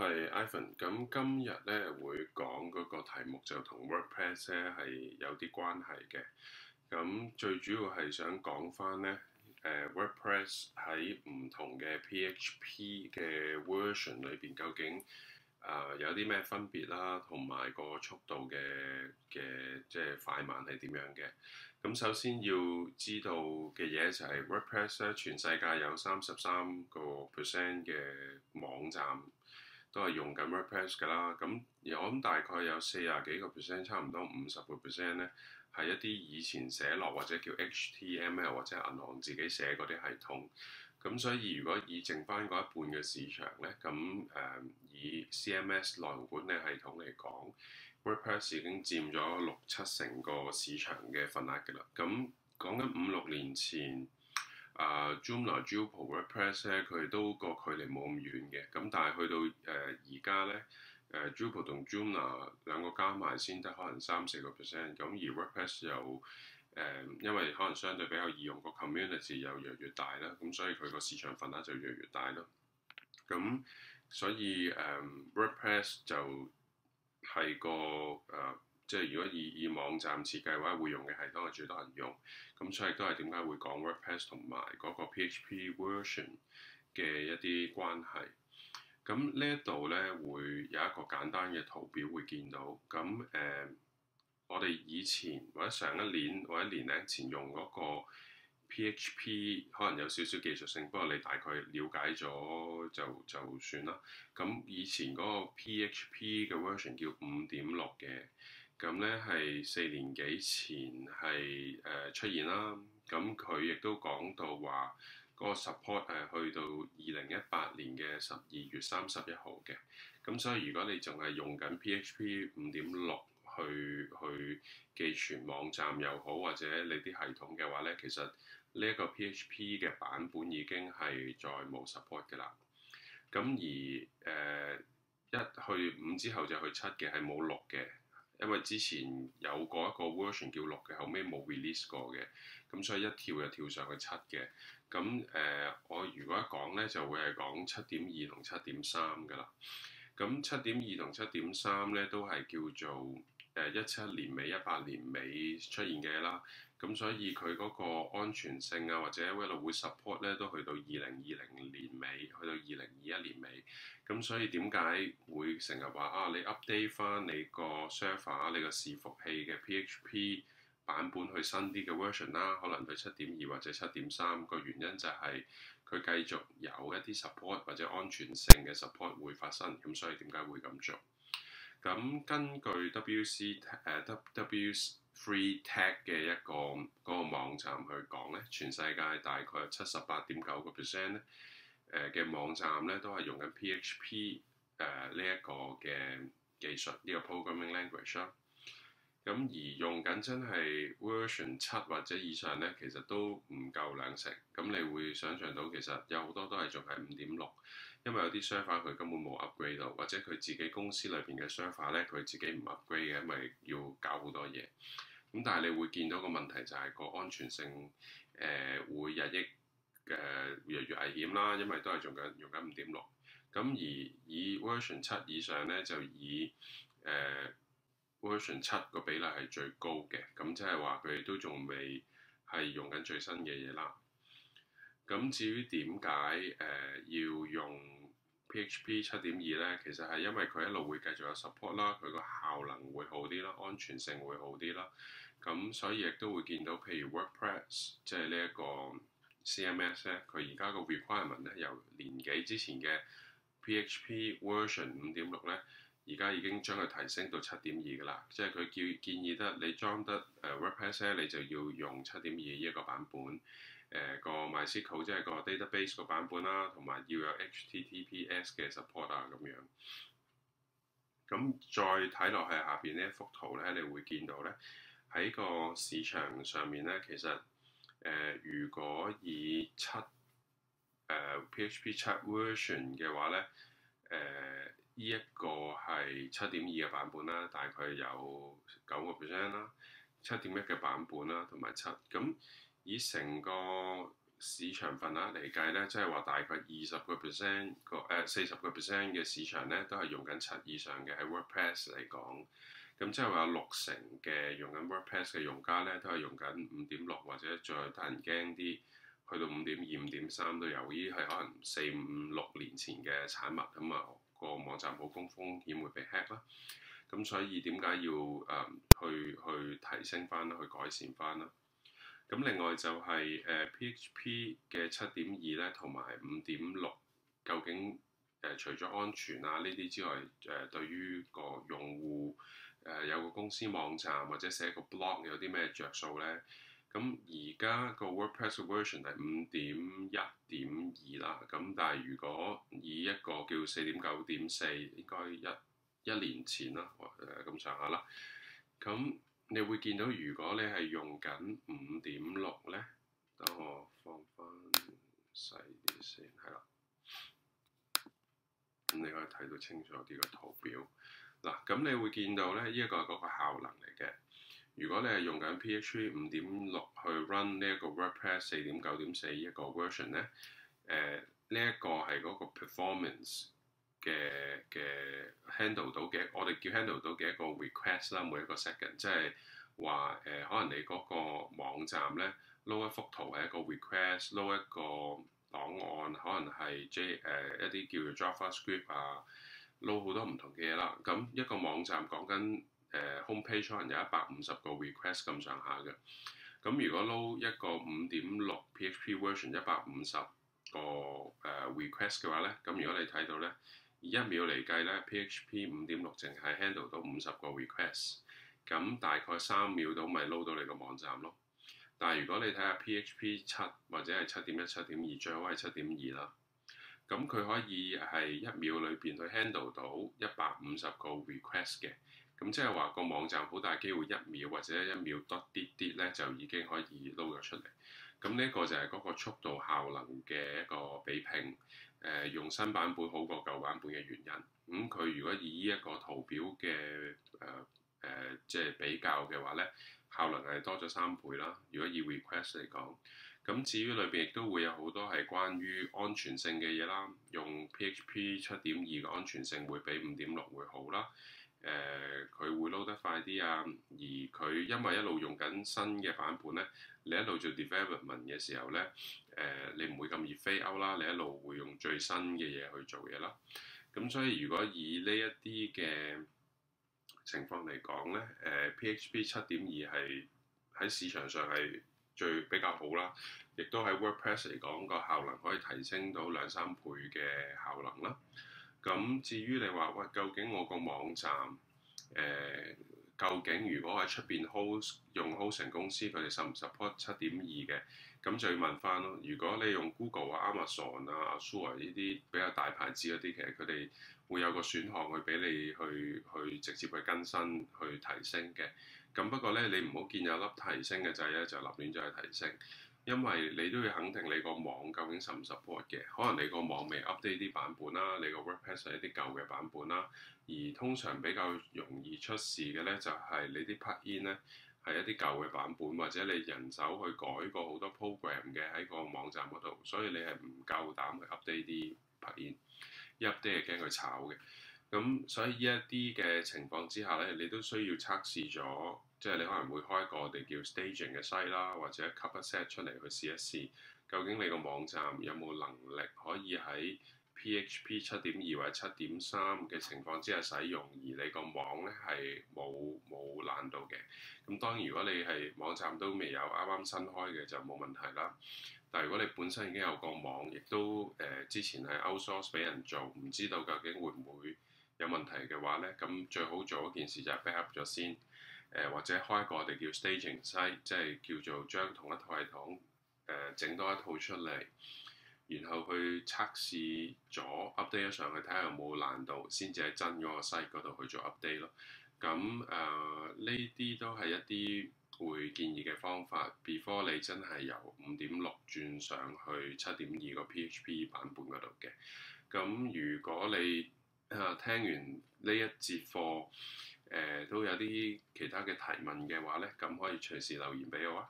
係，Ivan。咁今日咧會講嗰個題目就同 WordPress 咧係有啲關係嘅。咁最主要係想講返咧，誒、呃、WordPress 喺唔同嘅 PHP 嘅 version 裏邊究竟啊、呃、有啲咩分別啦，同埋個速度嘅嘅即係快慢係點樣嘅？咁首先要知道嘅嘢就係、是、WordPress 咧，全世界有三十三個 percent 嘅網站。都係用緊 WordPress 㗎啦，咁我諗大概有四十幾個 percent，差唔多五十個 percent 咧，係一啲以前寫落或者叫 HTML 或者銀行自己寫嗰啲系統。咁所以如果以剩翻嗰一半嘅市場咧，咁誒、呃、以 CMS 內容管理系統嚟講 WordPress 已經佔咗六七成個市場嘅份額㗎啦。咁講緊五六年前。啊，Joomla 啊 Drupal WordPress 咧，佢都個距離冇咁遠嘅，咁但係去到誒而家咧，誒、呃呃、Drupal 同 Joomla 兩個加埋先得可能三四個 percent，咁而 WordPress 又誒、呃，因為可能相對比較易用個 community 又越嚟越大啦，咁所以佢個市場份額就越嚟越大咯，咁所以誒、呃、WordPress 就係個誒。呃即係如果以以網站設計嘅話，會用嘅係當係最多人用咁，所以都係點解會講 WordPress 同埋嗰個 PHP version 嘅一啲關係。咁呢一度咧會有一個簡單嘅圖表會見到。咁誒、呃，我哋以前或者上一年或者一年咧前用嗰個 PHP 可能有少少技術性，不過你大概了解咗就就算啦。咁以前嗰個 PHP 嘅 version 叫五點六嘅。咁咧係四年幾前係誒、呃、出現啦。咁佢亦都講到話嗰、那個 support 誒去到二零一八年嘅十二月三十一號嘅。咁所以如果你仲係用緊 PHP 五點六去去寄存網站又好，或者你啲系統嘅話咧，其實呢一個 PHP 嘅版本已經係再冇 support 嘅啦。咁而誒、呃、一去五之後就去七嘅，係冇六嘅。因為之前有過一個 version 叫六嘅，後尾冇 release 過嘅，咁所以一跳就跳上去七嘅。咁誒、呃，我如果一講咧，就會係講七點二同七點三㗎喇。咁七點二同七點三咧，都係叫做誒一七年尾、一八年尾出現嘅啦。咁所以佢嗰個安全性啊，或者 Will 會 support 咧，都去到二零二零年尾，去到二零二一年尾。咁所以點解會成日話啊？你 update 翻、啊、你個 server、你個、啊、伺服器嘅 PHP 版本去新啲嘅 version 啦、啊，可能去七點二或者七點三。個原因就係佢繼續有一啲 support 或者安全性嘅 support 會發生。咁所以點解會咁做？咁根據 WC 誒 W。Uh, Free Tech 嘅一個嗰、那個網站去講咧，全世界大概有七十八點九個 percent 咧，誒嘅、呃、網站咧都係用緊 PHP 誒、呃、呢一、這個嘅技術呢、這個 programming language 啦、啊。咁而用緊真係 Version 七或者以上咧，其實都唔夠兩成。咁你會想象到其實有好多都係仲係五點六，因為有啲 server 佢根本冇 upgrade 到，或者佢自己公司裏邊嘅 server 咧佢自己唔 upgrade 嘅，因為要搞好多嘢。咁但係你會見到個問題就係個安全性誒、呃、會日益嘅、呃、越嚟越危險啦，因為都係用緊用緊五點六，咁而以 version 七以上咧就以誒、呃、version 七個比例係最高嘅，咁即係話佢哋都仲未係用緊最新嘅嘢啦。咁至於點解誒要用？PHP 七點二咧，其實係因為佢一路會繼續有 support 啦，佢個效能會好啲啦，安全性會好啲啦，咁所以亦都會見到，譬如 WordPress 即係呢一個 CMS 咧，佢而家個 requirement 咧由年幾之前嘅 PHP version 五點六咧。而家已經將佢提升到七點二噶啦，即係佢叫建議得你裝得誒 WordPress 咧，你就要用七點二呢一個版本，誒、呃、個 MySQL 即係個 database 個版本啦，同埋要有 HTTPS 嘅 support 啊咁樣。咁再睇落去下邊呢一幅圖咧，你會見到咧喺個市場上面咧，其實誒、呃、如果以七誒、呃、PHP 七 version 嘅話咧，誒、呃。呢一個係七點二嘅版本啦，大概有九個 percent 啦，七點一嘅版本啦，同埋七咁以成個市場份額嚟計咧，即係話大概二十個 percent 個誒四十個 percent 嘅市場咧，都係用緊七以上嘅喺 WordPress 嚟講。咁即係話有六成嘅用緊 WordPress 嘅用家咧，都係用緊五點六或者再得人驚啲去到五點二、五點三都有。依係可能四五六年前嘅產物咁啊。個網站冇公風險會被 hack 啦，咁所以點解要誒去去提升翻去改善翻啦？咁另外就係誒 PHP 嘅七點二咧，同埋五點六，究竟誒除咗安全啊呢啲之外，誒對於個用戶誒有個公司網站或者寫個 blog 有啲咩着數咧？咁而家個 WordPress version 係五點一點二啦，咁但係如果以一個叫四點九點四，應該一一年前啦，誒咁上下啦。咁你會見到如果你係用緊五點六咧，等我放翻細啲先，係啦，咁你可以睇到清楚啲個圖表。嗱，咁你會見到咧，呢一個係嗰個效能嚟嘅。如果你係用緊 PHP 五點六去 run 呢一個 WordPress 四點九點四一個 version 咧、呃，誒呢一個係嗰個 performance 嘅嘅 handle 到嘅，我哋叫 handle 到嘅一個 request 啦，每一個 second，即係話誒可能你嗰個網站咧，撈一幅圖係一個 request，撈一個檔案可能係 J 誒、呃、一啲叫做 JavaScript 啊，撈好多唔同嘅嘢啦，咁一個網站講緊。誒 home page 可能有一百五十個 request 咁上下嘅。咁如果 load 一個五點六 PHP version 一百五十個誒 request 嘅話咧，咁如果你睇到咧，以一秒嚟計咧，PHP 五點六淨係 handle 到五十個 request，咁大概三秒到咪 load 到你個網站咯。但係如果你睇下 PHP 七或者係七點一、七點二，最好係七點二啦。咁佢可以係一秒裏邊去 handle 到一百五十個 request 嘅。咁即係話、這個網站好大機會一秒或者一秒多啲啲咧，就已經可以撈咗出嚟。咁呢一個就係嗰個速度效能嘅一個比拼。誒、呃，用新版本好過舊版本嘅原因。咁、嗯、佢如果以呢一個圖表嘅誒誒，即係比較嘅話咧，效能係多咗三倍啦。如果以 request 嚟講，咁、嗯、至於裏邊亦都會有好多係關於安全性嘅嘢啦。用 PHP 七點二嘅安全性會比五點六會好啦。誒佢、呃、會撈得快啲啊！而佢因為一路用緊新嘅版本咧，你一路做 development 嘅時候咧，誒、呃、你唔會咁易 fail 啦。你一路會用最新嘅嘢去做嘢啦。咁所以如果以呢一啲嘅情況嚟講咧，誒、呃、PHP 七點二係喺市場上係最比較好啦，亦都喺 WordPress 嚟講個效能可以提升到兩三倍嘅效能啦。咁至於你話喂，究竟我個網站誒、呃、究竟如果喺出邊 host 用 hosting 公司佢哋 support 七點二嘅，咁就要問翻咯。如果你用 Google 啊、Amazon 啊、Azure 呢啲比較大牌子嗰啲，其實佢哋會有個選項去俾你去去直接去更新去提升嘅。咁不過呢，你唔好見有粒提升嘅掣咧，就立亂就去提升。因為你都要肯定你個網究竟 support 唔 support 嘅，可能你個網未 update 啲版本啦，你個 WordPress 係一啲舊嘅版本啦。而通常比較容易出事嘅咧，就係你啲 plugin 咧係一啲舊嘅版本，或者你人手去改過好多 program 嘅喺個網站嗰度，所以你係唔夠膽去 update 啲 plugin。update 係驚佢炒嘅，咁所以呢，一啲嘅情況之下咧，你都需要測試咗。即係你可能會開個我哋叫 staging 嘅 site 啦，或者 cover set 出嚟去試一試，究竟你個網站有冇能力可以喺 PHP 七點二或者七點三嘅情況之下使用，而你個網咧係冇冇爛到嘅。咁當然如果你係網站都未有啱啱新開嘅就冇問題啦。但係如果你本身已經有個網，亦都誒、呃、之前係 outsource 俾人做，唔知道究竟會唔會有問題嘅話咧，咁最好做一件事就係 backup 咗先。誒或者開一個我哋叫 staging site，即係叫做將同一套系統誒整、呃、多一套出嚟，然後去測試咗 update 咗上去，睇下有冇難度先至喺真嗰個 site 嗰度去做 update 咯。咁誒呢啲都係一啲會建議嘅方法，before 你真係由五點六轉上去七點二個 PHP 版本嗰度嘅。咁如果你誒、呃、聽完呢一節課。誒、呃、都有啲其他嘅提問嘅話咧，咁可以隨時留言俾我啊！